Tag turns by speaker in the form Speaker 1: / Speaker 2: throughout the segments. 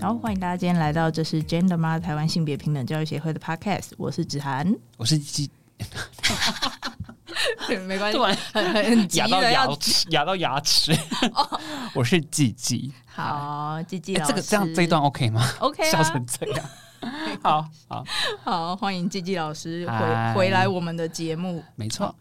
Speaker 1: 然後歡迎大家今天來到，這是 Gender 假的？！台灣性別平等教育協會的 Podcast，我是子涵，我是吉， 沒關係，突然很牙到牙齒，牙到牙
Speaker 2: 齒， 牙到牙齒 我是吉吉，
Speaker 1: 好吉吉、 欸，這個這樣這一段
Speaker 2: OK 嗎？OK，、啊、笑成這樣。
Speaker 1: 好好好，歡迎季季老師回、Hi、回來我們的節目。沒錯、哦，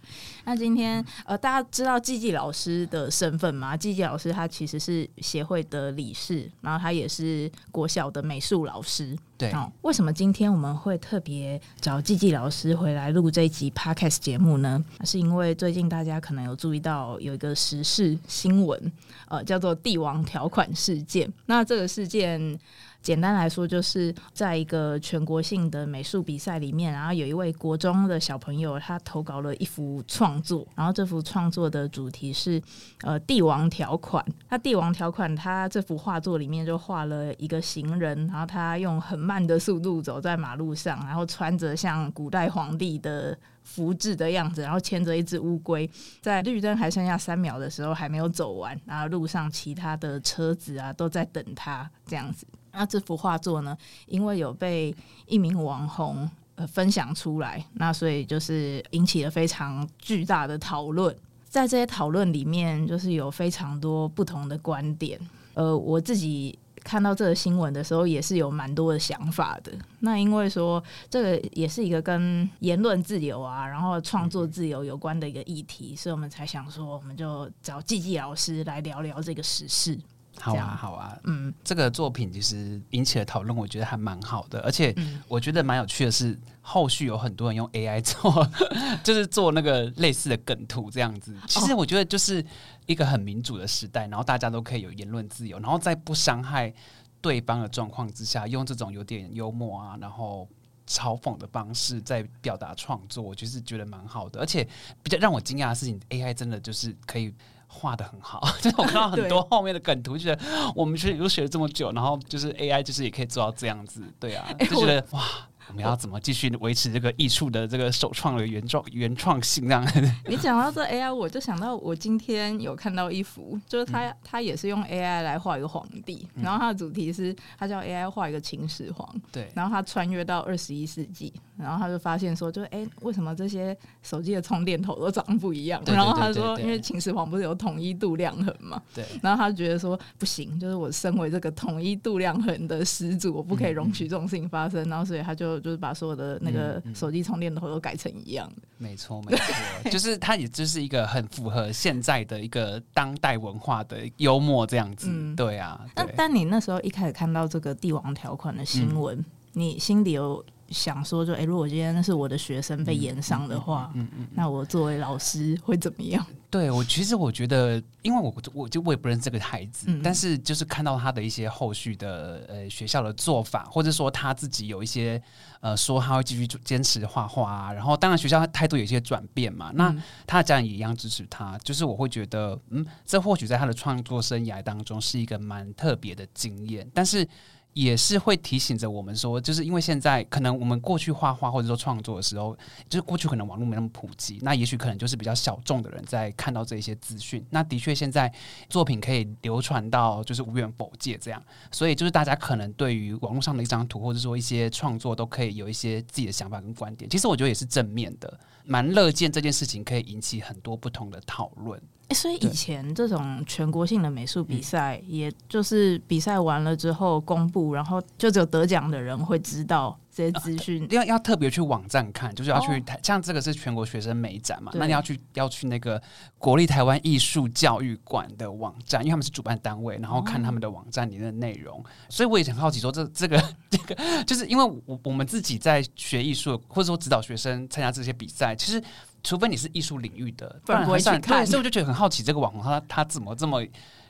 Speaker 1: 那今天呃，大家知道季季老師的身份嗎？季季老師他其實是協會的理事，然後他也是國小的美術老師。對、哦，為什麼今天我們會特別找季季老師回來錄這一集 Podcast 節目呢？是因為最近大家可能有注意到有一個時事新聞，呃，叫做“帝王條款”事件。那這個事件。簡單來說，就是在一個全國性的美術比賽裡面，然後有一位國中的小朋友，他投稿了一幅創作。然後這幅創作的主題是呃“帝王條款”。他“帝王條款”，他這幅畫作裡面就畫了一個行人，然後他用很慢的速度走在馬路上，然後穿着像古代皇帝的服飾的樣子，然後牽着一隻烏龜，在綠燈還剩下三秒的時候還沒有走完，然後路上其他的車子啊都在等他這樣子。那這幅畫作呢，因為有被一名網紅呃分享出來，那所以就是引起了非常巨大的討論。在這些討論裡面，就是有非常多不同的觀點。呃，我自己看到這個新聞的時候，也是有蠻多的想法的。那因為說這個也是一個跟言論自由啊，然後創作自由有關的一個議題，嗯、所以我們才想說，我們就找季季老師來聊聊這個時事。好啊，
Speaker 2: 好啊，嗯，這個作品其實引起的討論，我覺得還蠻好的，而且我覺得蠻有趣的是、嗯，後續有很多人用 AI 做， 就是做那個類似的梗圖這樣子。其實我覺得就是一個很民主的時代，然後大家都可以有言論自由，然後在不傷害對方的狀況之下，用這種有點幽默啊，然後嘲諷的方式在表達創作，我就是覺得蠻好的。而且比較讓我驚訝的事情，AI 真的就是可以。畫得很好，就是我看到很多後面的梗圖，就覺得我們學都學了這麼久，然後就是 AI，就是也可以做到這樣子，對啊，就覺得、欸、哇。我，我們要怎麼繼續維持這個藝術的這個首創的原創原創性這樣子？這
Speaker 1: 你講到這 AI，我就想到我今天有看到一幅，就是他、嗯、他也是用 AI 來畫一個皇帝、嗯，然後他的主題是，他叫 AI 畫一個秦始皇。對、嗯。然後他穿越到二十一世紀，然後他就發現說就，就、欸、哎，為什麼這些手機的充電頭都長得不一樣，對對對對對對？然後他說，因為秦始皇不是有統一度量衡嘛？對。然後他就覺得說不行，就是我身為這個統一度量衡的始祖，我不可以容許這種事情發生、嗯。然後所以他就。就是把所有的那個手機充電頭都改成一樣的，
Speaker 2: 嗯嗯、沒錯沒錯， 就是它，也就是一個很符合現在的一個當代文化的幽默這樣子，嗯、對啊。但、啊、但
Speaker 1: 你那時候一開始看到這個帝王條款的新聞、嗯，你心裡有？想說就，就、欸、哎，如果今天那是我的學生被炎上的話，嗯嗯,嗯，那我作為老師會怎麼樣？
Speaker 2: 對，我其實我覺得，因為我我就我也不認識這個孩子、嗯，但是就是看到他的一些後續的呃學校的做法，或者說他自己有一些呃說他會繼續堅持畫畫、啊，然後當然學校態度有一些轉變嘛，嗯、那他的家人也一樣支持他，就是我會覺得，嗯，這或許在他的創作生涯當中是一個蠻特別的經驗，但是。也是會提醒着我們說，就是因為現在可能我們過去畫畫或者說創作的時候，就是過去可能網絡沒那麼普及，那也許可能就是比較小眾的人在看到這些資訊。那的確，現在作品可以流傳到就是無遠弗屆這樣，所以就是大家可能對於網絡上的一張圖或者說一些創作都可以有一些自己的想法跟觀點。其實我覺得也是正面的，蠻樂見這件事情可以引起很多不同的討論。
Speaker 1: 欸、所以以前這種全國性的美術比賽，也就是比賽完了之後公布，嗯、然後就只有得獎的人會知道這些資訊，
Speaker 2: 要要特別去網站看，就是要去台、哦，像這個是全國學生美展嘛，那你要去要去那個國立臺灣藝術教育館的網站，因為他們是主辦單位，然後看他們的網站裡面的內容、哦。所以我也很好奇，說這這個這個， 就是因為我我們自己在學藝術，或者說指導學生參加這些比賽，其實。除非你是藝術領域的，不然我一看。所以我就覺得很好奇，這個網紅他他怎麼這麼，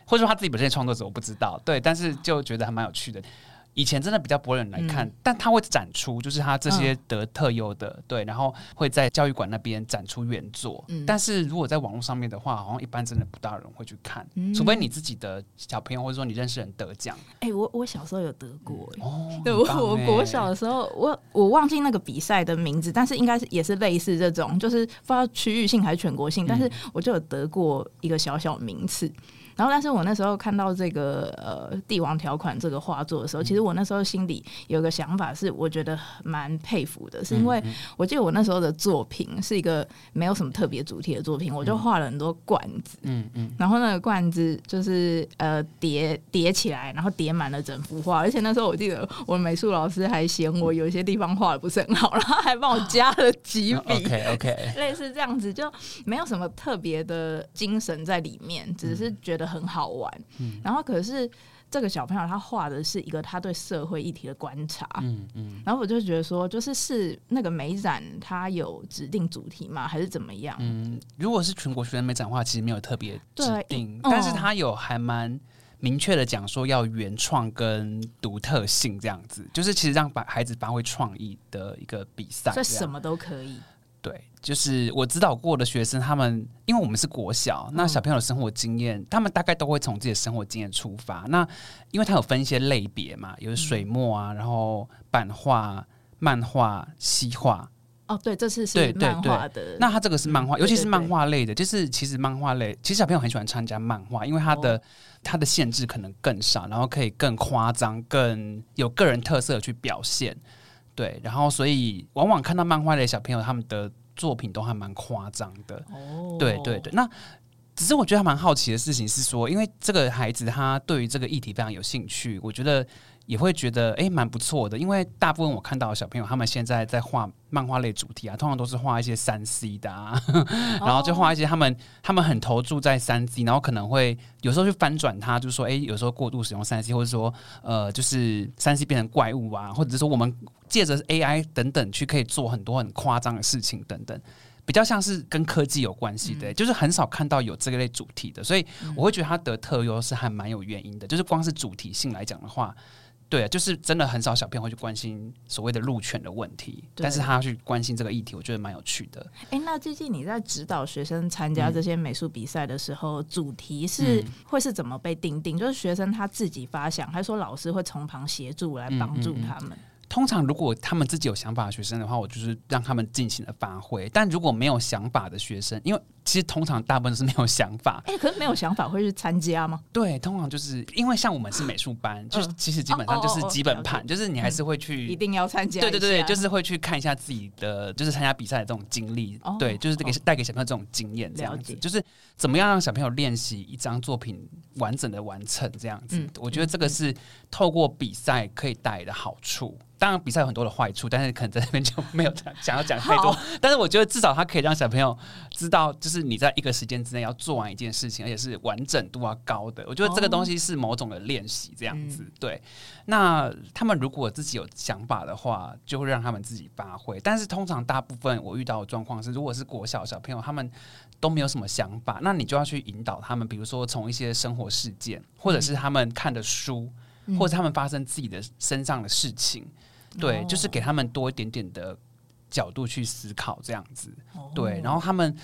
Speaker 2: 或者說他自己本身創作者，我不知道。對，但是就覺得還蠻有趣的。以前真的比較不會有人來看，嗯，但他會展出，就是他這些得特優的，嗯，對，然後會在教育館那邊展出原作，嗯。但是如果在網絡上面的話，好像一般真的不大人會去看，嗯，除非你自己的小朋友或者說你認識人得獎。
Speaker 1: 哎，欸，我我小時候有得過，嗯，對，我我小時候，我我忘記那個比賽的名字，但是應該是也是類似這種，就是不知道區域性還是全國性，嗯，但是我就有得過一個小小名次。然後，但是我那時候看到這個呃《帝王條款》這個畫作的時候，其實我那時候心裡有個想法是，我覺得蠻佩服的，是因為我記得我那時候的作品是一個沒有什麼特別主題的作品，我就畫了很多罐子，嗯嗯，然後那個罐子就是呃疊疊起來，然後疊滿了整幅畫，而且那時候我記得我美術老師還嫌我有一些地方畫的不是很好，然後還幫我加了幾筆 ，OK OK，類似這樣子，就沒有什麼特別的精神在裡面，只是覺得。很好玩，嗯，然後可是這個小朋友他畫的是一個他對社會議題的觀察，嗯嗯，然後我就覺得說，就是是那個美展他有指定主題嗎？還是怎麼樣？
Speaker 2: 嗯，如果是全國學生美展的話，其實沒有特別指定，對啊嗯，但是他有還蠻明確的講說要原創跟獨特性這樣子，就是其實讓把孩子發揮創意的一個比賽這，這什麼都可以，對。就是我指導過的學生，他們因為我們是國小，嗯、那小朋友的生活經驗，他們大概都會從自己的生活經驗出發。那因為他有分一些類別嘛，有水墨啊，然後版畫、漫畫、西畫、
Speaker 1: 嗯。哦，對，這是對對對。那他這個是漫畫，尤其是
Speaker 2: 漫畫類的、嗯對對對，就是其實漫畫類，其實小朋友很喜歡參加漫畫，因為他的、哦、他的限制可能更少，然後可以更誇張，更有個人特色去表現。對，然後所以往往看到漫畫類小朋友，他們的。作品都還蠻誇張的，Oh，對對對，那。只是我覺得他蠻好奇的事情是說，因為這個孩子他對於這個議題非常有興趣，我覺得也會覺得誒蠻、欸、不錯的。因為大部分我看到的小朋友，他們現在在畫漫畫類主題啊，通常都是畫一些三 C 的啊，哦、 然後就畫一些他們他們很投注在三 C，然後可能會有時候去翻轉它，就是說誒、欸，有時候過度使用三 C，或者說呃就是三 C 變成怪物啊，或者是說我們借着 AI 等等去可以做很多很誇張的事情等等。比較像是跟科技有關係的、欸嗯，就是很少看到有這個類主題的，所以我會覺得他得特優是還蠻有原因的、嗯。就是光是主題性來講的話，對，就是真的很少小朋友會去關心所謂的路權的問題，但是他去關心這個議題，我覺得蠻有趣的。
Speaker 1: 哎、欸，那最近你在指導學生參加這些美術比賽的時候、嗯，主題是會是怎麼被定定、嗯？就是學生他自己發想，還是說老師會從旁協助來幫助他們？嗯嗯嗯
Speaker 2: 通常，如果他們自己有想法的學生的話，我就是讓他們盡情的發揮；但如果沒有想法的學生，因為。其實通常大部分是沒有想法，哎、
Speaker 1: 欸，可是沒有想法、嗯、會去參加嗎？對，通常就是因為像我們是
Speaker 2: 美術班，啊、就是其實基本上就是基本盤，哦哦哦，就是你還是會去、嗯、一定
Speaker 1: 要參加，對對對，就是
Speaker 2: 會去看一下自己的，就是參加比賽的這種經歷，哦，對，就是這個帶給小朋友這種經驗，這樣子，就是怎麼樣讓小朋友練習一張作品完整的完成這樣子。嗯、我覺得這個是透過比賽可以帶來的好處。嗯嗯、當然，比賽有很多的壞處，但是可能在這邊就沒有想要講太多，哦。但是我覺得至少他可以讓小朋友知道，就是。你在一個時間之內要做完一件事情，而且是完整度要高的。我覺得這個東西是某種的練習，這樣子、哦嗯。對，那他們如果自己有想法的話，就會讓他們自己發揮。但是通常大部分我遇到的狀況是，如果是國小小朋友，他們都沒有什麼想法，那你就要去引導他們，比如說從一些生活事件，或者是他們看的書，
Speaker 1: 嗯、或者他們
Speaker 2: 發生自己的身上的事情、嗯，對，就是給他們多一點點的角度去思考，這樣子、哦。對，然後他們。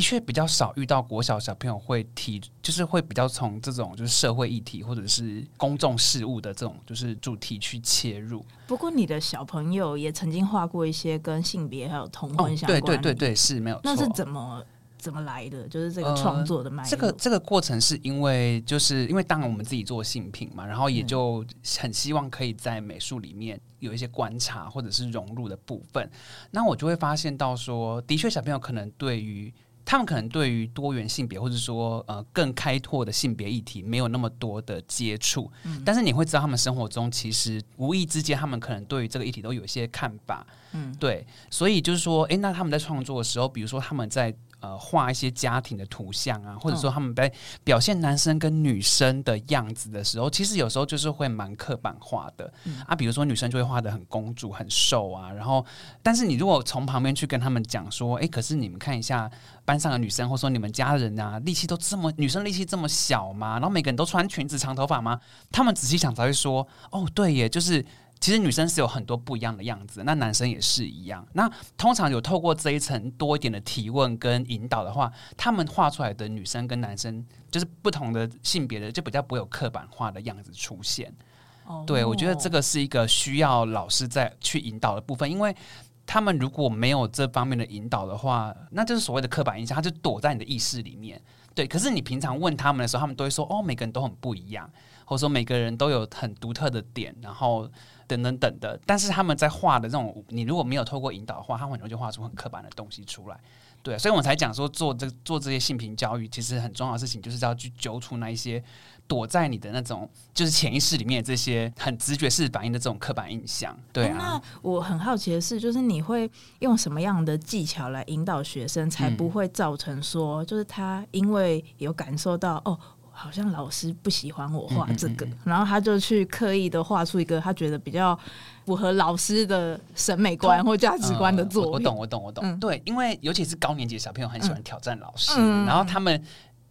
Speaker 2: 的確比較少遇到國小小朋友會提，就是會比較從這種就是社會議題或者是公眾事務的這種就是主題去切入。
Speaker 1: 不過你的小朋友也曾經畫過一些跟性別還有同婚相關、哦、對對對對，是沒有錯。那是怎麼怎麼來的？就是這個創作的脈絡、呃。這個
Speaker 2: 這個過程是因為就是因為當然我們自己做性品嘛，然後也就很希望可以在美術裡面有一些觀察或者是融入的部分。嗯、那我就會發現到說，的確小朋友可能對於他們可能對於多元性別，或者說呃更開拓的性別議題，沒有那麼多的接觸。嗯，但是你會知道，他們生活中其實無意之間，他們可能對於這個議題都有一些看法。嗯，對，所以就是說，誒，欸，那他們在創作的時候，比如說他們在。呃，畫一些家庭的圖像啊，或者說他們在表現男生跟女生的樣子的時候，哦、其實有時候就是會蠻刻板化的、嗯。啊，比如說女生就會畫得很公主、很瘦啊，然後，但是你如果從旁邊去跟他們講說，哎、欸，可是你們看一下班上的女生，或者說你們家人啊，力氣都這麼，女生力氣這麼小嗎？然後每個人都穿裙子、長頭髮嗎？他們仔細想才會說，哦，對耶，就是。其實女生是有很多不一樣的樣子的，那男生也是一樣。那通常有透過這一層多一點的提問跟引導的話，他們畫出來的女生跟男生就是不同的性別的，就比較不會有刻板化的樣子出現。Oh. 對，我覺得這個是一個需要老師再去引導的部分，因為他們如果沒有這方面的引導的話，那就是所謂的刻板印象，他就躲在你的意識裡面。對，可是你平常問他們的時候，他們都會說：“哦，每個人都很不一樣，或者說每個人都有很獨特的點。”然後等等等的，但是他們在畫的這種，你如果沒有透過引導的話，他們很容易就畫出很刻板的東西出來。對啊，所以我才講說做這做這些性平教育，其實很重要的事情就是要去揪出那一些躲在你的那種就是潛意識裡面的這些很直覺式反應的這種刻板印象。對啊，嗯，那
Speaker 1: 我很好奇的是，就是你會用什麼樣的技巧來引導學生，才不會造成說，嗯，就是他因為有感受到哦。好像老師不喜歡我畫這個，嗯嗯嗯嗯，然後他就去刻意的畫出一個他覺得比較符合老師的審美觀或價值觀的作品，嗯嗯，我。我懂，我
Speaker 2: 懂，我懂、嗯。對，因為尤其是高年級的小朋友，很喜歡挑戰老師，嗯，然後他們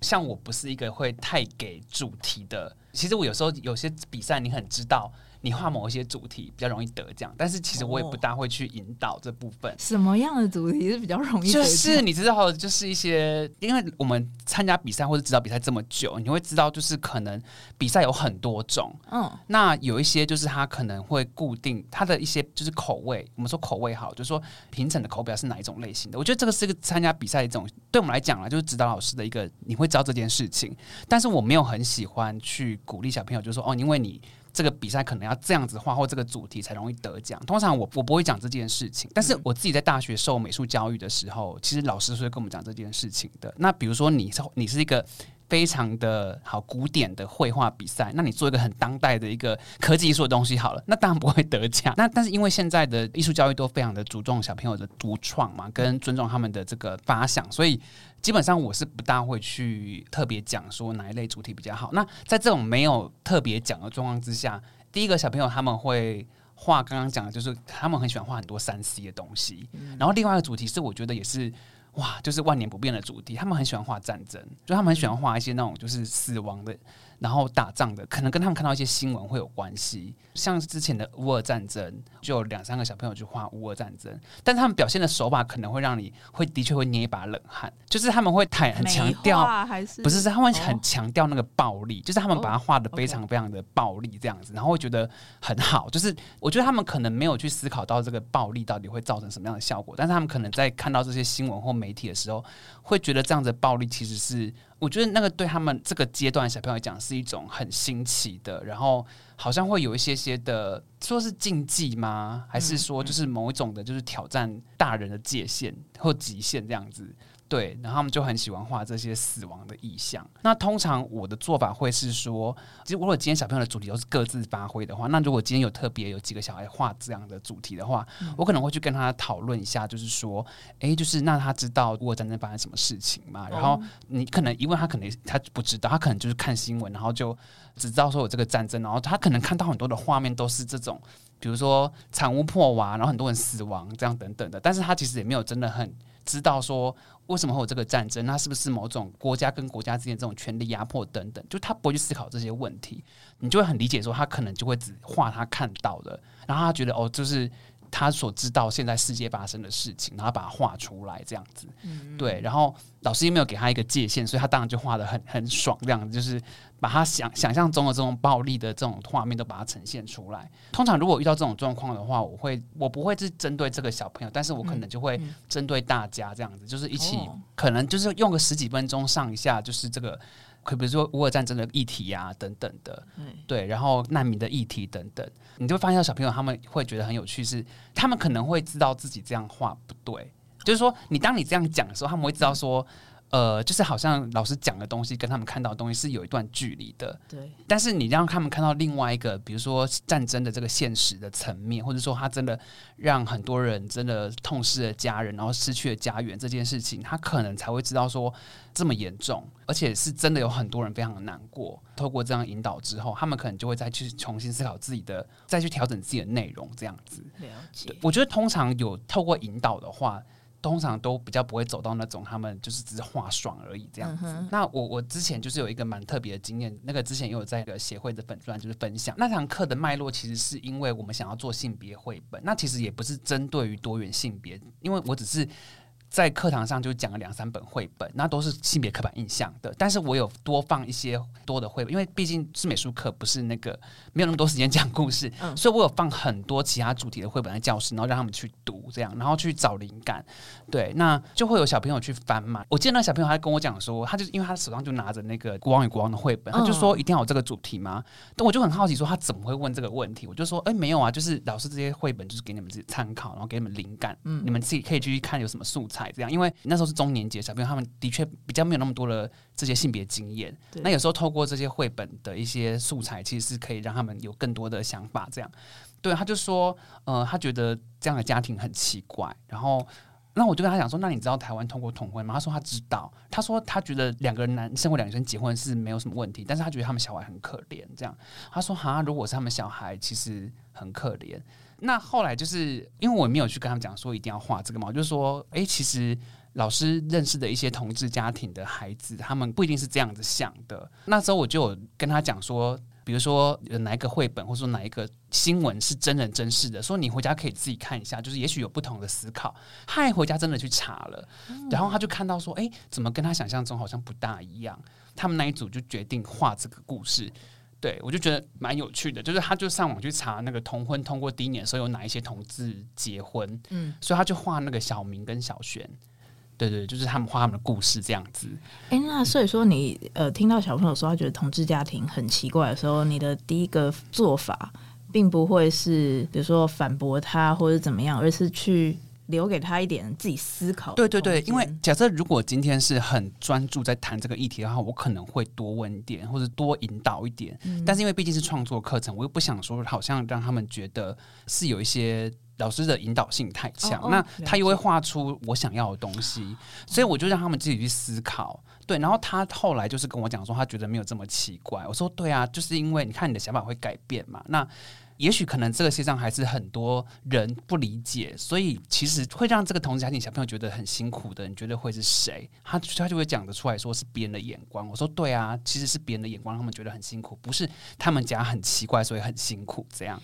Speaker 2: 像我不是一個會太給主題的。其實我有時候有些比賽，你很知道。你畫某一些主題比較容易得獎，但是其實我也不大會去引導這部分。什
Speaker 1: 麼樣的主題是比較容易得？就是你
Speaker 2: 知道，就是一些，因為我們參加比賽或者指導比賽這麼久，你會知道，就是可能比賽有很多種。嗯、哦，那有一些就是他可能會固定他的一些就是口味，我們說口味好，就是說評審的口表是哪一種類型的。我覺得這個是一個參加比賽的一種，對我們來講啊，就是指導老師的一個你會知道這件事情，但是我沒有很喜歡去鼓勵小朋友，就是說哦，因為你。這個比賽可能要這樣子畫，或這個主題才容易得獎。通常我我不會講這件事情，但是我自己在大學受美術教育的時候，其實老師是會跟我們講這件事情的。那比如說，你是你是一個非常的好古典的繪畫比賽，那你做一個很當代的一個科技藝術的東西好了，那當然不會得獎。那但是因為現在的藝術教育都非常的注重小朋友的獨創嘛，跟尊重他們的這個發想，所以。基本上我是不大會去特別講說哪一類主題比較好。那在這種沒有特別講的狀況之下，第一個小朋友他們會畫剛剛講的，就是他們很喜歡畫很多三 C 的東西。然後另外一個主題是，我覺得也是哇，就是萬年不變的主題，他們很喜歡畫戰爭，就他們很喜歡畫一些那種就是死亡的。然後打仗的，可能跟他們看到一些新聞會有關係，像之前的烏爾戰爭，就有兩三個小朋友去畫烏爾戰爭，但是他們表現的手法可能會讓你會的確會捏一把冷汗，就是他們會太很強調，是不是，是他們很強調那個暴力，哦、就是他們把它畫得非常非常的暴力這樣子、哦，然後會覺得很好，就是我覺得他們可能沒有去思考到這個暴力到底會造成什麼樣的效果，但是他們可能在看到這些新聞或媒體的時候，會覺得這樣子的暴力其實是，我覺得那個對他們這個階段小朋友來講是一種很新奇的，然後好像會有一些些的，說是禁忌嗎？還是說就是某一種的，就是挑戰大人的界限或極限這樣子？對，然後他們就很喜歡畫這些死亡的意象。那通常我的做法會是說，其實如果今天小朋友的主題都是各自發揮的話，那如果今天有特別有幾個小孩畫這樣的主題的話，嗯、我可能會去跟他討論一下，就是說，哎，就是那他知道，如果戰爭發生什麼事情嘛。然後你可能一問他，可能他不知道，他可能就是看新聞，然後就只知道說有這個戰爭，然後他可能看到很多的畫面都是這種，比如說殘屋破瓦，然後很多人死亡這樣等等的，但是他其實也沒有真的很。知道說為什麼會有這個戰爭？那是不是某種國家跟國家之間這種權力壓迫等等？就他不會去思考這些問題，你就會很理解說他可能就會只畫他看到的，然後他覺得哦，就是他所知道現在世界發生的事情，然後把它畫出來這樣子。嗯嗯對。然後老師也沒有給他一個界限，所以他當然就畫得很很爽這樣子，就是。把他想想象中的這種暴力的這種畫面都把它呈現出來。通常如果遇到這種狀況的話，我會我不會是針對這個小朋友，但是我可能就會針對大家這樣子，嗯嗯、就是一起、哦、可能就是用個十幾分鐘上一下，就是這個，比如說烏俄戰爭的議題啊等等的、嗯，對，然後難民的議題等等，你就會發現小朋友他們會覺得很有趣是，是他們可能會知道自己這樣畫不對，就是說你當你這樣講的時候，他們會知道說。呃，就是好像老師講的東西跟他們看到的東西是有一段距離的。對。但是你讓他們看到另外一個，比如說戰爭的這個現實的層面，或者說他真的讓很多人真的痛失了家人，然後失去了家園這件事情，他可能才會知道說這麼嚴重，而且是真的有很多人非常的難過。透過這樣引導之後，他們可能就會再去重新思考自己的，再去調整自己的內容，這樣子。嗯，了解。對，我覺得通常有透過引導的話。通常都比較不會走到那種他們就是只是畫爽而已這樣子。嗯、那我我之前就是有一個蠻特別的經驗，那個之前也有在一個協會的粉專就是分享那堂課的脈絡，其實是因為我們想要做性別繪本，那其實也不是針對於多元性別，因為我只是。在課堂上就講了兩三本繪本，那都是性別刻板印象的。但是我有多放一些多的繪本，因為畢竟是美術課，不是那個沒有那麼多時間講故事。嗯，所以我有放很多其他主題的繪本在教室，然後讓他們去讀，這樣然後去找靈感。對，那就會有小朋友去翻嘛。我見到小朋友還跟我講說，他就因為他手上就拿着那個國王與國王的繪本，他就說一定要有這個主題嗎？嗯，但我就很好奇，說他怎麼會問這個問題？我就說，哎、欸，沒有啊，就是老師這些繪本就是給你們自己參考，然後給你們靈感，嗯，你們自己可以去看有什麼素材。這樣，因為那時候是中年級，小朋友他們的確比較沒有那麼多的這些性別經驗。那有時候透過這些繪本的一些素材，其實是可以讓他們有更多的想法。這樣，對，他就說，呃，他覺得這樣的家庭很奇怪。然後，那我就跟他講說，那你知道台灣通過同婚嗎？他說他知道。他說他覺得兩個人男生或兩個女生結婚是沒有什麼問題，但是他覺得他們小孩很可憐。這樣，他說，哈，如果是他們小孩，其實很可憐。那後來就是，因為我也沒有去跟他們講說一定要畫這個嘛，我就是說，哎，其實老師認識的一些同志家庭的孩子，他們不一定是這樣子想的。那時候我就有跟他講說，比如說有哪一個繪本，或者說哪一個新聞是真人真事的，說你回家可以自己看一下，就是也許有不同的思考。他回家真的去查了，然後他就看到說，哎，怎麼跟他想象中好像不大一樣？他們那一組就決定畫這個故事。對，我就覺得蠻有趣的，就是他就上網去查那個同婚通過第一年的時候有哪一些同志結婚，嗯，所以他就畫那個小明跟小璇，對，對對，就是他們畫他們的故事這樣子。
Speaker 1: 誒、嗯欸，那所以說你呃聽到小朋友說他覺得同志家庭很奇怪的時候，你的第一個做法並不會是比如說反駁他或者怎麼樣，而是去。留給他一點自己思考。對對對，因為
Speaker 2: 假設如果今天是很專注在談這個議題的話，我可能會多問點或者多引導一點。嗯，但是因為畢竟是創作課程，我又不想說好像讓他們覺得是有一些老師的引導性太強，哦哦，那他又會畫出我想要的東西，所以我就讓他們自己去思考。對，然後他後來就是跟我講說，他覺得沒有這麼奇怪。我說，對啊，就是因為你看你的想法會改變嘛。那。也許可能這個世界上還是很多人不理解，所以其實會讓這個同性家庭小朋友覺得很辛苦的，你覺得會是誰？他他就會講得出來說是別人的眼光。我說對啊，其實是別人的眼光他們覺得很辛苦，不是他們家很奇怪，所以很辛苦這樣。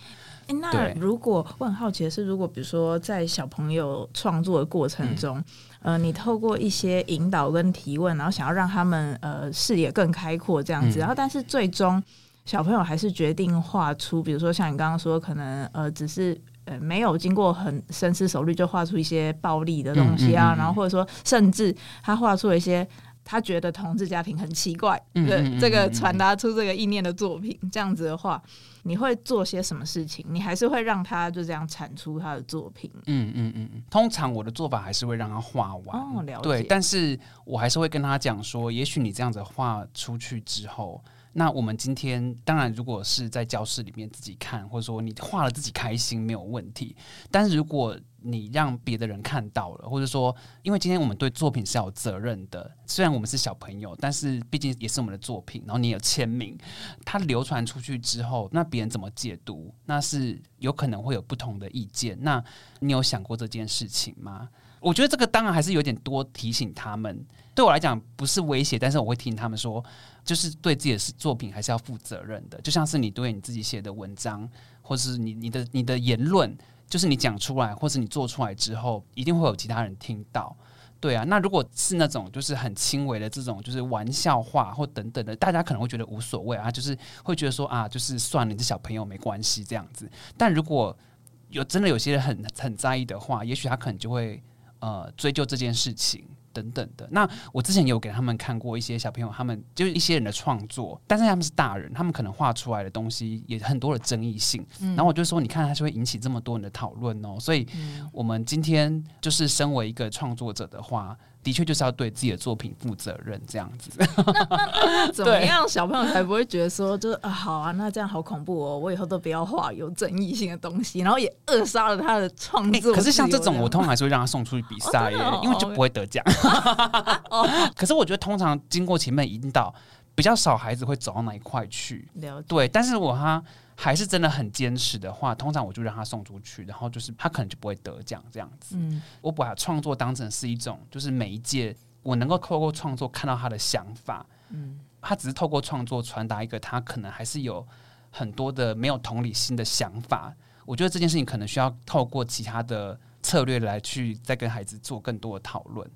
Speaker 1: 欸，那如果我很好奇的是，如果比如說在小朋友創作的過程中，嗯，呃，你透過一些引導跟提問，然後想要讓他們呃視野更開闊這樣子，嗯，然後但是最終。小朋友還是決定畫出，比如說像你剛剛說，可能，呃，只是呃，沒有經過很深思熟慮就畫出一些暴力的東西啊，嗯嗯嗯、然後或者說，甚至他畫出一些他覺得同志家庭很奇怪的，嗯嗯嗯、這個傳達出這個意念的作品，這樣子的話，你會做些什麼事情？你還是會讓他就這樣產出他的作品？嗯
Speaker 2: 嗯嗯嗯，通常我的做法還是會讓他畫完。哦
Speaker 1: 了解，對，但
Speaker 2: 是我還是會跟他講說，也許你這樣子畫出去之後。那我們今天當然，如果是在教室裡面自己看，或者說你畫了自己開心沒有問題。但是如果你讓別的人看到了，或者說，因為今天我們對作品是要有責任的，雖然我們是小朋友，但是畢竟也是我們的作品。然後你有簽名，它流傳出去之後，那別人怎麼解讀？那是有可能會有不同的意見。那你有想過這件事情嗎？我覺得這個當然還是有點多提醒他們。對我來講不是威脅，但是我會聽他們說，就是對自己的作品還是要負責任的。就像是你對你自己寫的文章，或是你你的你的言論，就是你講出來或是你做出來之後，一定會有其他人聽到。對啊，那如果是那種就是很輕微的這種就是玩笑話或等等的，大家可能會覺得無所謂啊，就是會覺得說啊，就是算了，你這小朋友沒關係這樣子。但如果有真的有些人很很在意的話，也許他可能就會。呃，追究這件事情等等的。那我之前有給他們看過一些小朋友，他們就是一些人的創作，但是他們是大人，他們可能畫出來的東西也很多的爭議性。嗯、然後我就說，你看他就會引起這麼多人的討論哦。所以，我們今天就是身為一個創作者的話。的確就是要對自己的作品負責任這樣子。 那
Speaker 1: 那怎麼樣小朋友才不會覺得說，就是啊好啊，那這樣好恐怖哦，我以後都不要畫有爭議性的東西，然後也扼殺了他的創作、欸。可是像這種，我通常還
Speaker 2: 是會讓他送出去比賽、 哦哦，因為就不會得獎。哦 okay、 可是我覺得通常經過前面引導。比較少孩子會走到哪一塊去，對。但是，如果他還是真的很堅持的話，通常我就讓他送出去，然後就是他可能就不會得獎這樣子。嗯，我把創作當成是一種，就是媒介，我能夠透過創作看到他的想法。嗯，他只是透過創作傳達一個他可能還是有很多的沒有同理心的想法。我覺得這件事情可能需要透過其他的策略來去再跟孩子做更多的討論。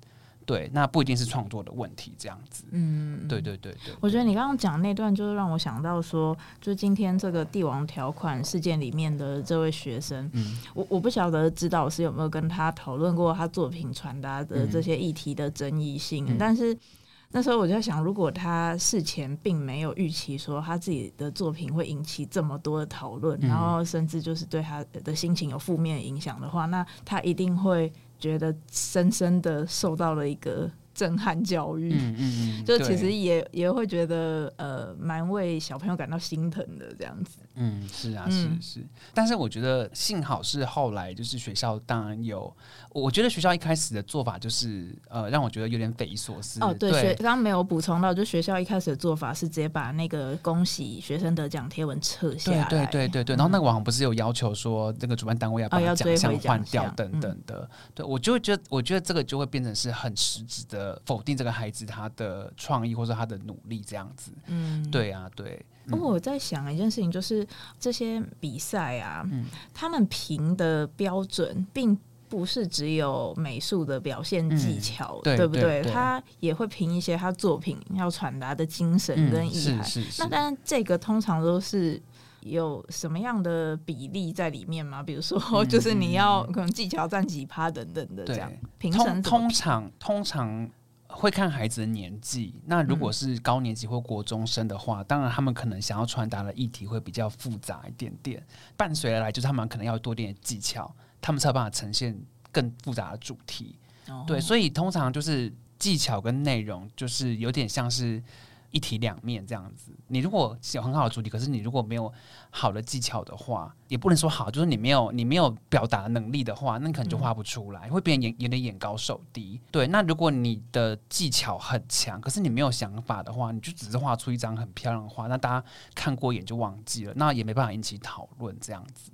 Speaker 2: 對，那不一定是創作的問題，這樣子。嗯，對對對、對、對。我
Speaker 1: 覺得你剛剛講那段，就是讓我想到說，就今天這個帝王條款事件裡面的這位學生，嗯，我我不曉得指導老師有沒有跟他討論過他作品傳達的這些議題的爭議性。嗯，但是那時候我就在想，如果他事前並沒有預期說他自己的作品會引起這麼多的討論，嗯，然後甚至就是對他的心情有負面影響的話，那他一定會。覺得深深的受到了一個。震撼教育，嗯嗯，嗯，就其實也也會覺得呃，蠻為小朋友感到心疼的這樣子。嗯，
Speaker 2: 是啊，嗯，是是。但是我覺得幸好是後來就是學校當然有，我覺得學校一開始的做法就是呃，讓我覺得有點匪夷所思。哦，對，剛
Speaker 1: 剛沒有補充到，就學校一開始的做法是直接把那個恭喜學生得獎貼文撤下來。對對
Speaker 2: 對對，對，嗯。然後那個網紅不是有要求說那個主辦單位要把獎項換掉等等的，哦嗯。對，我就覺得我覺得這個就會變成是很實質的。否定這個孩子他的創意或者他的努力這樣子，
Speaker 1: 嗯，對
Speaker 2: 啊，對。不、嗯、
Speaker 1: 過、哦、我在想一件事情，就是這些比賽啊、嗯，他們評的標準並不是只有美術的表現技巧，嗯、對不對？對，對，對？他也會評一些他作品要傳達的精神跟意涵，嗯。是是是。那當然，這個通常都是。有什麼樣的比例在裡面嗎？比如說，就是你要可能技巧占幾趴等等的這樣。嗯、通通
Speaker 2: 常通常會看孩子的年紀。那如果是高年級或國中生的話，嗯、當然他們可能想要傳達的議題會比較複雜一點點，伴隨而來就是他們可能要多一點技巧，他們才有辦法呈現更複雜的主題。哦、對，所以通常就是技巧跟內容就是有點像是。一體兩面這樣子，你如果有很好的主題，可是你如果沒有好的技巧的話，也不能說好，就是你沒有你沒有表達能力的話，那你可能就畫不出來，嗯、會變眼變得眼高手低。對，那如果你的技巧很強，可是你沒有想法的話，你就只是畫出一張很漂亮的畫，那大家看過一眼就忘記了，那也沒辦法引起討論這樣子。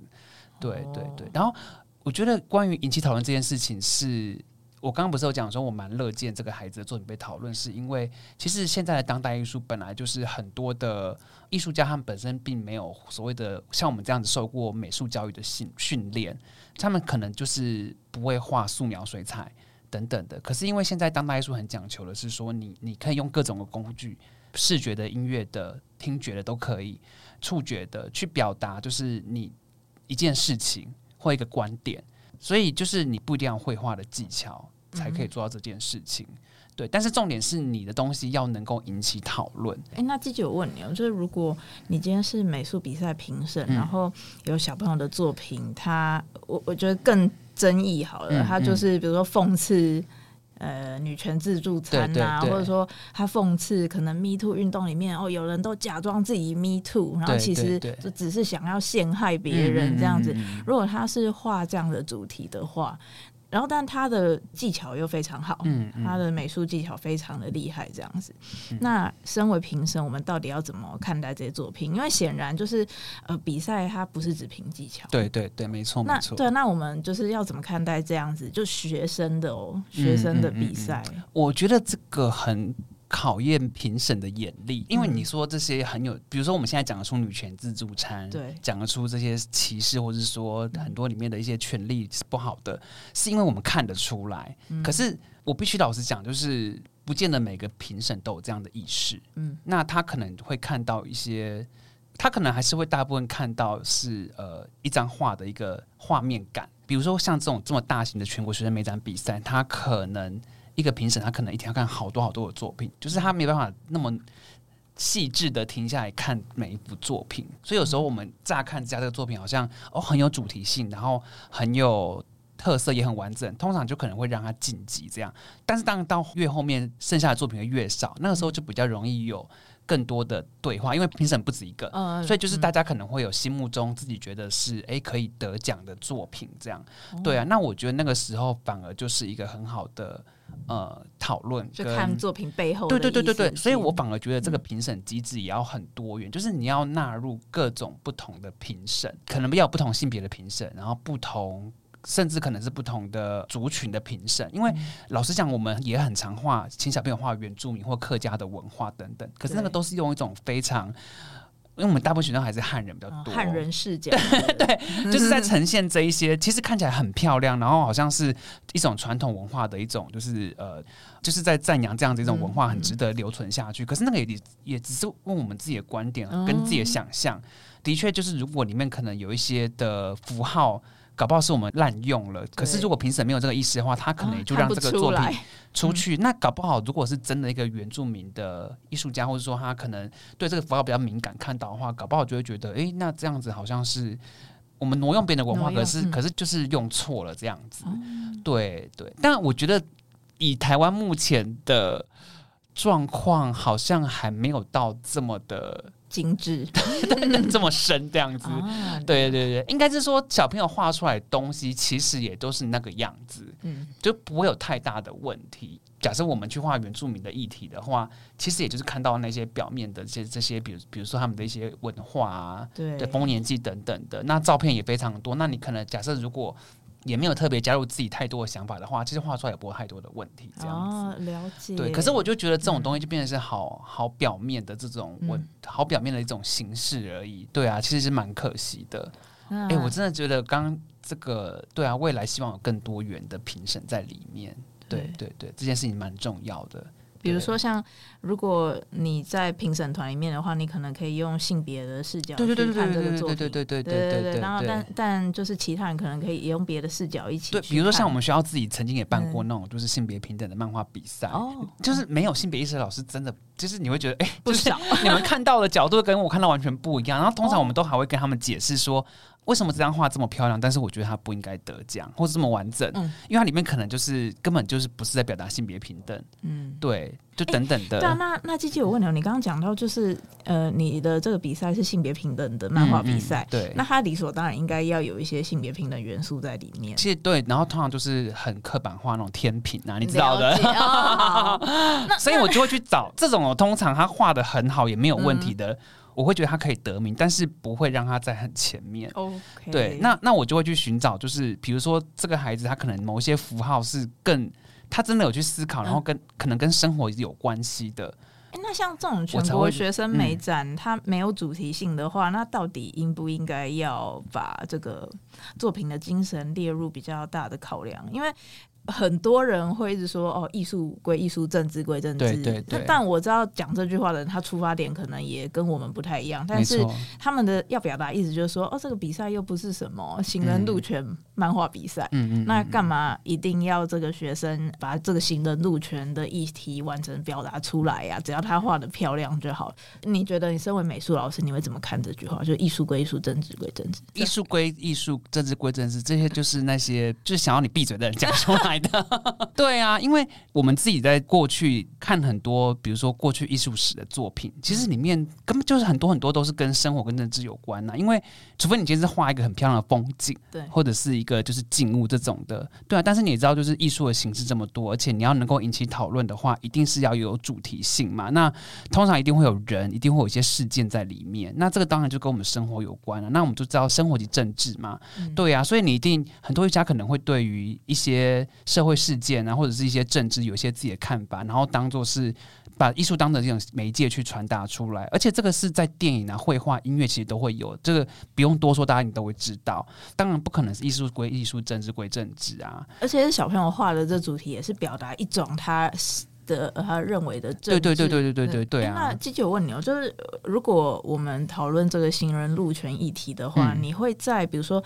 Speaker 2: 對、哦、對對，然後我覺得關於引起討論這件事情是，我剛剛不是有講說，我蠻樂見這個孩子的作品被討論，是因為其實現在的當代藝術本來就是很多的藝術家，他們本身並沒有所謂的像我們這樣子受過美術教育的訓訓練，他們可能就是不會畫素描、水彩等等的。可是因為現在當代藝術很講求的是說，你你可以用各種的工具，視覺的、音樂的、聽覺的都可以，觸覺的去表達，就是你一件事情或一個觀點。所以就是你不一定要繪畫的技巧才可以做到這件事情，嗯，對。但是重點是你的東西要能夠引起討論。
Speaker 1: 誒，那記者我問你哦，就是如果你今天是美術比賽評審，嗯、然後有小朋友的作品，他我我覺得更爭議好了，嗯，他就是比如說諷刺。嗯嗯呃，女權自助餐啊，對對對，或者說他諷刺可能 Me Too 運動裡面哦，有人都假裝自己 Me Too，然後其實就只是想要陷害別人這樣子。對對對，如果他是畫這樣的主題的話。然後，但他的技巧又非常好，嗯嗯、他的美術技巧非常的厲害，這樣子。嗯、那身為評審，我們到底要怎麼看待這些作品？因為顯然就是，呃，比賽它不是只憑技巧，
Speaker 2: 對對對，沒錯。那沒錯，對，那
Speaker 1: 我們就是要怎麼看待這樣子，就學生的、
Speaker 2: 哦、學生的比賽、嗯嗯嗯嗯？我覺得這個很。考驗評審的眼力，因為你說這些很有，嗯、比如說我們現在講得出女權自助餐，對、講得出這些歧視，或是說很多裡面的一些權利是不好的，嗯，是因為我們看得出來。嗯、可是我必須老實講，就是不見得每個評審都有這樣的意識。嗯，那他可能會看到一些，他可能還是會大部分看到是呃一張畫的一個畫面感，比如說像這種這麼大型的全國學生美展比賽，他可能。一個評審他可能一天要看好多好多的作品，就是他沒辦法那麼細緻的停下來看每一幅作品，所以有時候我們乍看之下這個作品好像哦很有主題性，然後很有特色，也很完整，通常就可能會讓他晉級這樣。但是當到越後面，剩下的作品會越少，那個時候就比較容易有更多的對話，因為評審不止一個，所以就是大家可能會有心目中自己覺得是誒可以得獎的作品這樣。對啊，那我覺得那個時候反而就是一個很好的。呃、嗯，討論就看作品背後，對對對對對，所以我反而覺得這個評審機制也要很多元，嗯、就是你要納入各種不同的評審、嗯，可能要有不同性別的評審，然後不同，甚至可能是不同的族群的評審。因為老實講，我們也很常畫，請小朋友畫原住民或客家的文化等等，可是那個都是用一種非常。因為我們大部分學生還是漢人比較多，哦，漢
Speaker 1: 人世界對，
Speaker 2: 對，就是在呈現這一些， 其實看起來很漂亮，然後好像是一種傳統文化的一種，就是呃，就是在讚揚這樣的一種文化很值得留存下去。嗯嗯，可是那個也也只是問我們自己的觀點，嗯，跟自己的想象的確就是如果裡面可能有一些的符號，搞不好是我們濫用了，可是如果評審沒有這個意思的話，他可能也就讓這個作品出去。哦、出那搞不好如果是真的一個原住民的藝術家、嗯，或者說他可能對這個符號比較敏感，看到的話，搞不好就會覺得，誒、欸，那這樣子好像是我們挪用別人的文化，可是、嗯、可是就是用錯了這樣子。嗯、對對，但我覺得以台灣目前的狀況，好像還沒有到這麼的。精緻， 這麼深這樣子，對對對，應該是說小朋友畫出來的東西其實也都是那個樣子，就不會有太大的問題。假設我們去畫原住民的議題的話，其實也就是看到那些表面的這這些，比如比如說他們的一些文化啊，對，的豐年祭等等的，那照片也非常多。那你可能假設如果，也沒有特別加入自己太多的想法的話，其實畫出來也不會太多的問題。這樣子，哦、
Speaker 1: 了解對。可是我
Speaker 2: 就覺得這種東西就變成是好好表面的這種，我、嗯、好表面的一種形式而已。對啊，其實是蠻可惜的。哎、嗯欸，我真的覺得剛剛這個對啊，未來希望有更多元的評審在裡面對。對對對，這件事情蠻重要的。
Speaker 1: 比如說像，像如果你在評審團裡面的話，你可能可以用性別的視角去看這個作品對，對，對，對，對，對對對對對對對對對對對。然後但，但但就是其他人可能可以也用別的視角一起比如說，像我們
Speaker 2: 學校自己曾經也辦過那種就是性別平等的漫畫比賽、嗯、就是沒有性別意識的老師真的就是你會覺得哎，不、欸、少、就是、你們看到的角度跟我看到完全不一樣。然後通常我們都還會跟他們解釋說。為什麼這張畫這麼漂亮？但是我覺得它不應該得獎，或者這麼完整，嗯、因為它裡面可能就是根本就是不是在表達性別平等，嗯，對，就等等的。欸，對啊、
Speaker 1: 那那 GG，我問你，嗯、你剛剛講到就是呃，你的這個比賽是性別平等的漫畫比賽、嗯嗯，對，那它理所當然應該要有一些性別平等元素在裡面。其
Speaker 2: 實對，然後通常就是很刻板化那種天平啊，你知道的。哦、 那所以，我就會去找 這種我通常他畫得很好也沒有問題的。嗯我會覺得他可以得名，但是不會讓他在很前面。Okay. 對，那那我就會去尋找，就是比如說這個孩子他可能某些符號是更他真的有去思考，然後跟、嗯、可能跟生活有關係的。
Speaker 1: 欸，那像這種全國學生美展，它、嗯、沒有主題性的話，那到底應不應該要把這個作品的精神列入比較大的考量？因為很多人會一直說哦，藝術歸藝術，政治歸政治。對對對。但我知道講這句話的人，他出發點可能也跟我們不太一樣。但是他們的要表達意思就是說，哦，這個比賽又不是什麼行人路權漫畫比賽，嗯，那幹嘛一定要這個學生把這個行人路權的議題完整表達出來呀，啊？只要他畫得漂亮就好。你覺得你身為美術老師，你會怎麼看這句話？就藝術歸藝術，政治歸政治。
Speaker 2: 藝術歸藝術，政治歸政治，這些就是那些就是想要你閉嘴的人講出來。 對啊，因為我們自己在過去看很多，比如說過去藝術史的作品，其實裡面根本就是很多很多都是跟生活跟政治有關吶、啊。因為除非你今天是畫一個很漂亮的風景，對，或者是一個就是靜物這種的，對啊。但是你也知道，就是藝術的形式這麼多，而且你要能夠引起討論的話，一定是要有主題性嘛。那通常一定會有人，一定會有一些事件在裡面。那這個當然就跟我們生活有關了、啊。那我們就知道生活即政治嘛，嗯、對啊。所以你一定很多藝術家可能會對於一些。社會事件啊，或者是一些政治，有一些自己的看法，然後當做是把藝術當的這種媒介去傳達出來。而且這個是在電影啊、繪畫、音樂，其實都會有。這個不用多說，大家你都會知道。當然不可能是藝術歸藝術，政治歸政治啊。
Speaker 1: 而且是小朋友畫的，這主題也是表達一種他的他認為的政治。對對對對對對對對，對，對，對、啊欸。那記者我問你哦，就是如果我們討論這個行人路權議題的話，嗯、你會在比如說？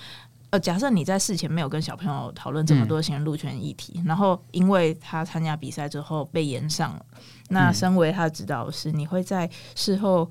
Speaker 1: 假設你在事前沒有跟小朋友討論這麼多行人路權議題，嗯，然後因為他參加比賽之後被炎上了，那身為他的指導師，嗯，你會在事後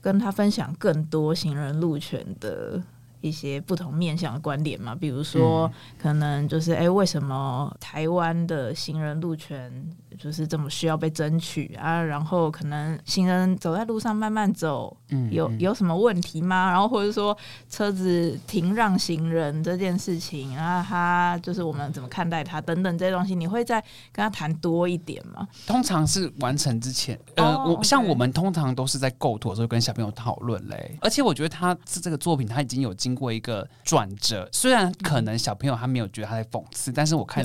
Speaker 1: 跟他分享更多行人路權的？一些不同面向的觀點嘛，比如說、嗯、可能就是哎、欸，為什麼台灣的行人路權就是這麼需要被爭取啊？然後可能行人走在路上慢慢走，嗯，有有什麼問題嗎？然後或者說車子停讓行人這件事情啊，他就是我們怎麼看待他等等這些東西，你會再跟他談多一點嗎？
Speaker 2: 通常是完成之前，哦、呃，我、okay. 像我們通常都是在構圖的時候跟小朋友討論嘞，而且我覺得他是這個作品，他已經有進。經過一個轉折，雖然可能小朋友他沒有覺得他在諷刺，但是我看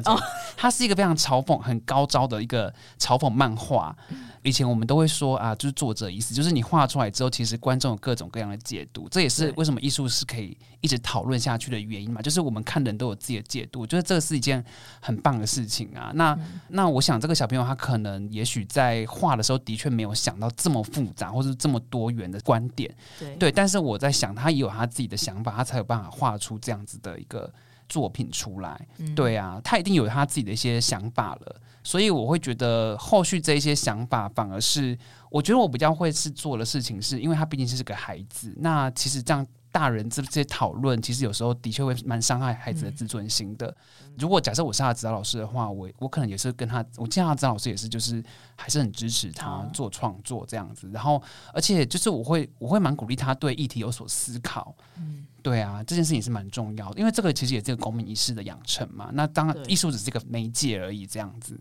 Speaker 2: 他是一個非常嘲諷、很高招的一個嘲諷漫畫。以前我們都會說啊，就是作者意思，就是你畫出來之後，其實觀眾有各種各樣的解讀，這也是為什麼藝術是可以一直討論下去的原因嘛。就是我們看的人都有自己的解讀，我覺得這是一件很棒的事情啊。那、嗯、那我想這個小朋友他可能也許在畫的時候的確沒有想到這麼複雜或者這麼多元的觀點，對，對，但是我在想他也有他自己的想法，他才有辦法畫出這樣子的一個作品出來。嗯、對啊，他一定有他自己的一些想法了。所以我會覺得後續這一些想法反而是，我覺得我比較會是做的事情，是因為他畢竟是個孩子。那其實這樣。大人這這些討論，其實有時候的確會蠻傷害孩子的自尊心的。嗯、如果假設我是他的指導老師的話，我我可能也是跟他，我見到他指導老師也是，就是還是很支持他做創作這樣子。然後，而且就是我會我會蠻鼓勵他對議題有所思考。嗯、對啊，這件事情是蠻重要的，因為這個其實也是個公民意識的養成嘛。那當然，藝術只是一個媒介而已這，這樣子。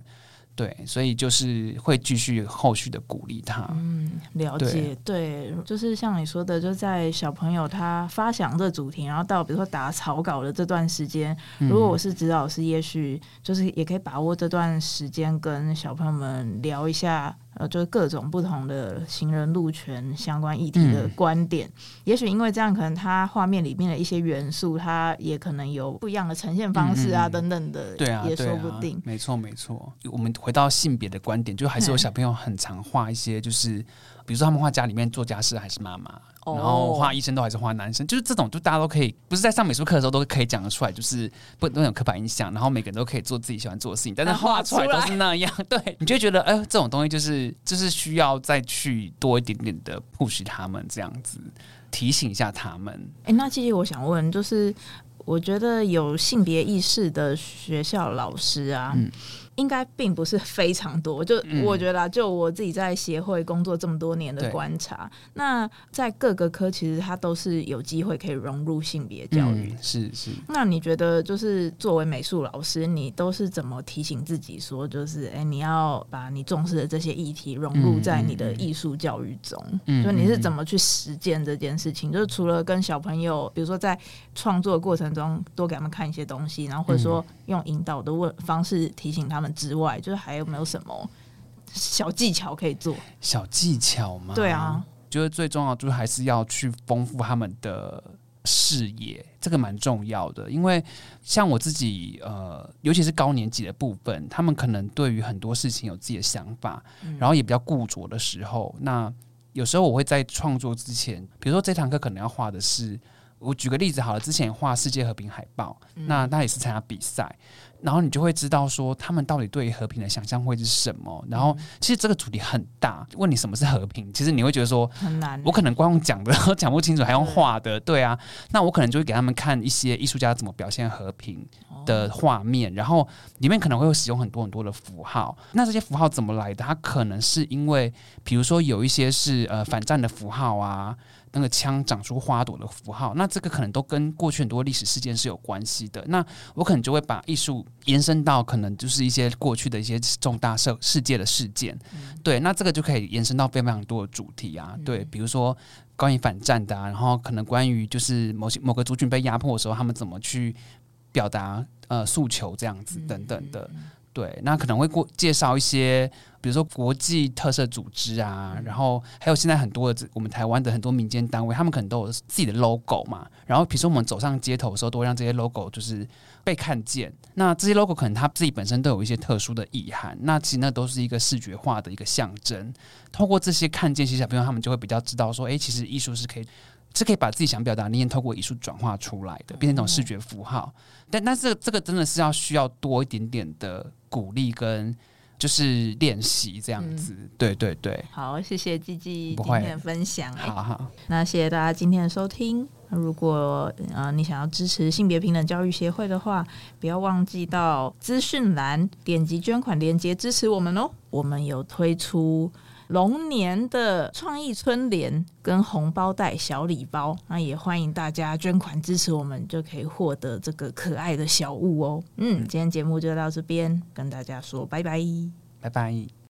Speaker 2: 對，所以就是會繼續後續的鼓勵他。嗯，了解，
Speaker 1: 對，對，就是像你說的，就在小朋友他發想的主題，然後到比如說打草稿的這段時間，如果我是指導師，也許就是也可以把握這段時間跟小朋友們聊一下。呃，就各種不同的行人路權相關議題的觀點，嗯、也許因為這樣，可能它畫面裡面的一些元素，它也可能有不一樣的呈現方式啊，嗯嗯嗯，等等的嗯嗯，對、啊對啊，也說不定。
Speaker 2: 沒錯沒錯，我們回到性別的觀點，就還是有小朋友很常畫一些，就是。嗯比如說，他們畫家裡面做家事還是媽媽
Speaker 1: ，oh. 然後畫
Speaker 2: 醫生都還是畫男生，就是這種，就大家都可以，不是在上美術課的時候都可以講得出來，就是不能有刻板印象，然後每個人都可以做自己喜歡做的事情，但是畫出來都是那樣，對，你就覺得，哎、呃，這種東西就是就是需要再去多一點點的 push 他們這樣子，提醒一下他們。
Speaker 1: 哎、欸，那其實我想問，就是我覺得有性別意識的學校老師啊。嗯應該並不是非常多，就我覺得、嗯，就我自己在協會工作這麼多年的觀察，那在各個科其實它都是有機會可以融入性別
Speaker 2: 教育。嗯、是是。
Speaker 1: 那你覺得，就是作為美術老師，你都是怎麼提醒自己說，就是哎、欸，你要把你重視的這些議題融入在你的藝術教育中嗯嗯？嗯，就你是怎麼去實踐這件事情？就是除了跟小朋友，比如說在創作過程中多給他們看一些東西，然後或者說用引導的問方式提醒他們。之外，就是還有沒有什麼小技巧可以做？
Speaker 2: 小技巧嗎？對啊，覺得最重要的就是還是要去豐富他們的視野，這個蠻重要的。因為像我自己，呃，尤其是高年級的部分，他們可能對於很多事情有自己的想法，嗯。然後也比較固着的時候，那有時候我會在創作之前，比如說這堂課可能要畫的是。我舉個例子好了，之前畫世界和平海報，那他也是參加比賽，然後你就會知道說他們到底對和平的想象會是什麼。然後其實這個主題很大，問你什麼是和平，其實你會覺得說很難、欸。我可能光用講的講不清楚，還用畫的、嗯，對啊。那我可能就會給他們看一些藝術家怎麼表現和平的畫面，然後裡面可能會有使用很多很多的符號。那這些符號怎麼來的？它可能是因為，比如說有一些是呃反戰的符號啊。那個槍長出花朵的符號，那這個可能都跟過去很多歷史事件是有關係的。那我可能就會把藝術延伸到可能就是一些過去的一些重大社世界的事件，嗯，對。那這個就可以延伸到非常非常多的主題啊，對，比如說關於反戰的啊，然後可能關於就是某些某個族群被壓迫的時候，他們怎麼去表達呃訴求這樣子等等的。對，那可能會過介紹一些，比如說國際特色組織啊，然後還有現在很多的我們台灣的很多民間單位，他們可能都有自己的 logo 嘛。然後，比如說我們走上街頭的時候，都會讓這些 logo 就是被看見。那這些 logo 可能他自己本身都有一些特殊的意涵。那其實那都是一個視覺化的一個象徵。透過這些看見，其實小朋友他們就會比較知道說，誒，其實藝術是可以。是可以把自己想表達，你也透過藝術轉化出來的，變成一種視覺符號。嗯嗯，但但是這個真的是要需要多一點點的鼓勵跟就是練習這樣子，嗯。對對對，
Speaker 1: 好，謝謝季季今天的分享，欸，好好。那謝謝大家今天的收聽。如果呃你想要支持性別平等教育協會的話，不要忘記到資訊欄點擊捐款鏈接支持我們哦，喔。我們有推出。龍年的創意春聯跟紅包袋小禮包，那也歡迎大家捐款支持我們，就可以獲得這個可愛的小物哦、喔。嗯，今天節目就到這邊，跟大家說拜拜，拜拜。